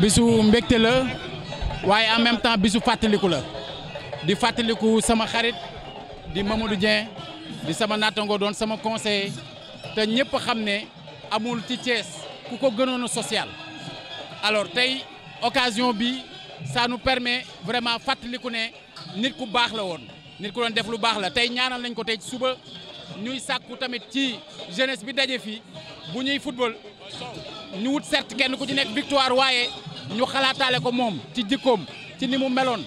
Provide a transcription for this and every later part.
bisu mbégte la waaye en même temps bi su fàttaliku la di fàttaliku sama xarit di Mamadou Dieng di sama nattango doon sama conseiller te ñëpp xam ne amul ci Thiès ku ko gënoon a social alors tey occasion bi ça nous permet vraiment fàttaliku ne nit ku baax la woon nit ku doon def lu baax la tey ñaanal nañ ko tey suba ñuy sàkku tamit ci jeunesse bi daje fii bu ñuy football ñu wut certes kenn ku ci nekk victoire waaye ñu xalaataale ko moom ci jikkoom ci ni mu meloon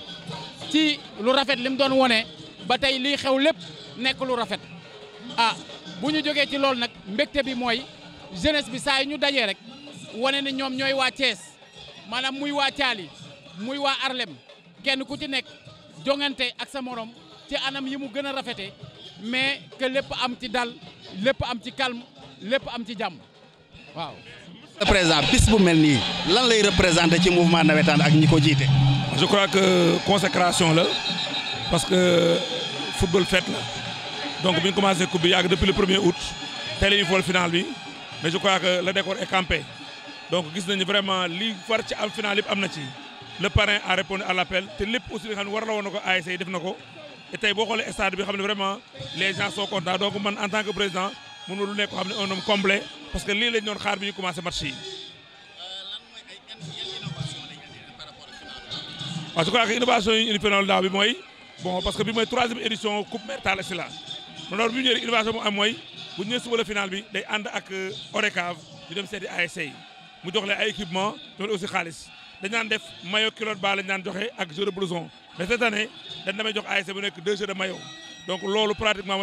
ci lu rafet li mu doon wone ba tey lii xew lépp nekk lu rafet ah bu ñu jógee ci loolu nag mbégte bi mooy jeunesse bi saa ñu dajee rek wane ni ñoom ñooy waa Thiès maanaam muy waa Thiali muy waa Arlem kenn ku ci nekk jongante ak sa morom ci anam yi mu gën a rafete mais que lépp am ci dal lépp am ci kalm lépp am ci jàmm waaw président bis bu mel nii lan lay représenté ci mouvement nawetaan ak ñi ko jiite. je crois que consécration la parce que football fête la donc bi ñu commencé coupe bi yàgg depuis le premier août teel a ñu bi mais je crois que la décor est campé donc gis nañu vraiment lii far ci am final yëpp am na ci le parrain a répondu à l' appel te lépp aussi nga xam ne war la woon na ko ASC def na ko te boo xoolee stade bi xam ne vraiment les gens sont contents donc man en tant que président mënul nekk xam ne un homme complet parce que lii lañ doon xaar bi ñu commencé match yi. waaw je crois innovation yi ñu indi daaw bi mooy bon parce que bi mooy troisième édition coupe mère Talla Sylla man loolu bi ñu ñëwee innovation bu am mooy bu ñu suba la final bi day ànd ak euh, ORECAV ñu dem seeti ASC yi mu jox leen ay équipement jox leen aussi xaalis dañ naan def maillot culotte ba lañ naan joxe ak jeu de blouson mais cette année dañ damay jox ASC bu nekk deux de maillot donc loolu pratiquement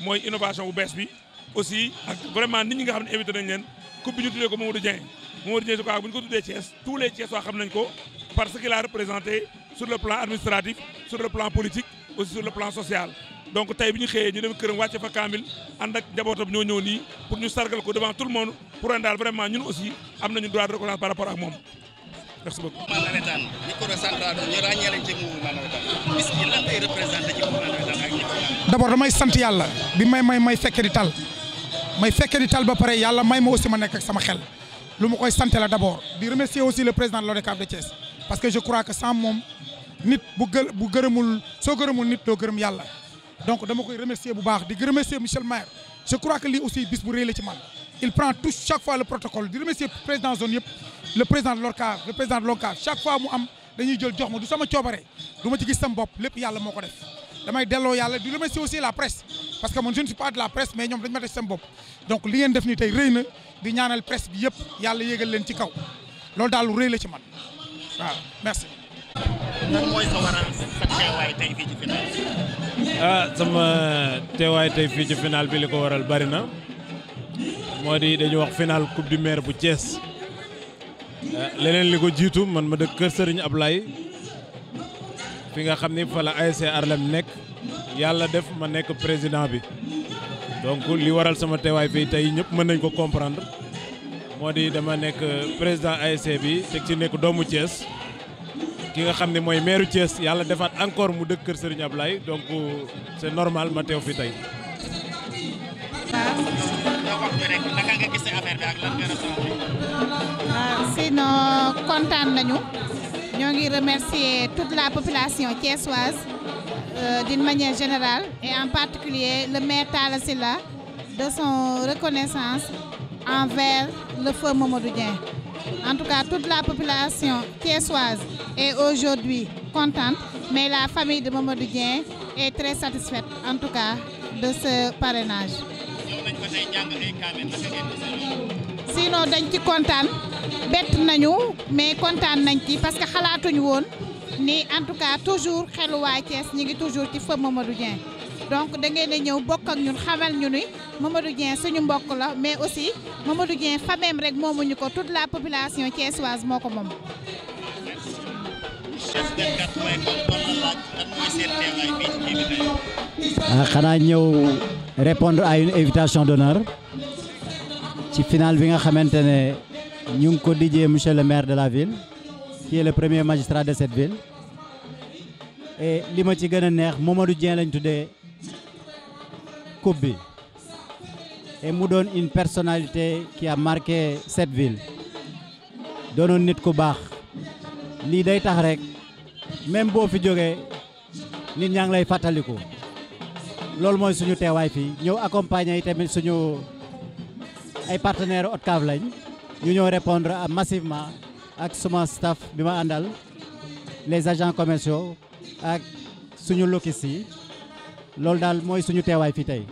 mooy innovation bu bees bi. aussi ak vraiment nit ñi nga xam ne invité nañ leen coupe bi ñu tuddee ko Mamadou Dieng Mamadou Dieng su ko bu ñu ko tuddee Thiès tous les Thiès waa xam nañ ko parce qu'il a représenté sur le plan administratif sur le plan politique aussi sur le plan social donc tey bi ñu xëyee ñu dem këram wàcce fa kaamil ànd ak njabootam ñoo ñëw pour ñu sargal ko devant tout le monde pour daal vraiment ñun aussi am nañu droit de reconnaissance par rapport ak moom merci sant yàlla bi may may may fekke may fekkee di tal ba pare yàlla may ma aussi ma nekk ak sama xel lu ma koy sant la di remercier aussi le président de l'ODCAV de Thiès parce que je crois que sans moom nit bu gë bu gërëmul soo gërëmul nit doo gërëm yàlla donc dama koy remercier bu baax di remercier monsieur le maire je crois que lii aussi bis bu rëy la ci man il prend tout chaque fois le protocole di remercier président zone yëpp le président de l'ODCAV le chaque fois mu am dañuy jël jox ma du sama coobare ma ci gis sama bopp lépp yàlla moo ko def damay delloo yàlla di remercier aussi la presse parce que man je si suis la presse mais ñoom dañu ma def seen bopp donc li ngeen def ni tey rëy na di ñaanal presse bi yëpp yàlla yéegal leen ci kaw loolu daal lu rëy la ci man ah, sama teewaay tey fii ci final bi li ko waral bari na moo di dañu wax final coupe du maire bu Thiès ah, leneen li ko jiitu man ma dëkk kër Serigne Ablaye fi nga xam ni fa la ASC Arlem nekk. yàlla def ma nekk président bi donc li waral sama teewaay fii tey ñëpp mën nañ ko comprendre moo di dama nekk président ASC bi teg ci nekk doomu Thiès ki nga xam ne mooy maire Thiès yàlla defaat encore mu dëkk kër Serigne Ablaye donc c'est normal ma teew fi tey. Ah, sinon kontaan nañu ñoo ngi remercier toute la population thiessoise Euh, d'une manière générale et en particulier le maire Talla Sylla de son reconnaissance envers le feu Mamadou Dieng. En tout cas, toute la population thiessoise est aujourd'hui contente, mais la famille de Mamadou Dieng est très satisfaite, en tout cas, de ce parrainage. sinon dañ ci kontaan bett nañu mais kontaan nañ ci parce que xalaatuñu woon. ni en toujours xelu waa Thiès ñi ngi toujours ci feu Mamadou Dieng donc da ñëw bokk ak ñun xamal ñu ni Mamadou Dieng suñu mbokk la mais aussi Mamadou Dieng fameem rek moomuñu ko toute la population thiessoise moo ko moom. ah xanaa ñëw répondre à une invitation d'honneur ci final bi nga xamante ne ñu ngi ko dijee monsieur le maire de la ville qui est le premier magistrat de cette ville et li ma ci gën a neex Mamadou Dieng lañ tuddee coupe bi et mu doon une personnalité ki a marqué cette ville doonoon nit ku baax lii day tax rek même boo fi jógee nit ñaa ngi lay fàttaliku loolu mooy suñu teewaay fii ñëw accompagner yi tamit suñu ay partenaires ODCAV lañ ñu ñëw répondre massivement ak suma staff bi ma àndal les agents commerciaux ak suñu locus yi loolu daal mooy suñu teewaay fii tey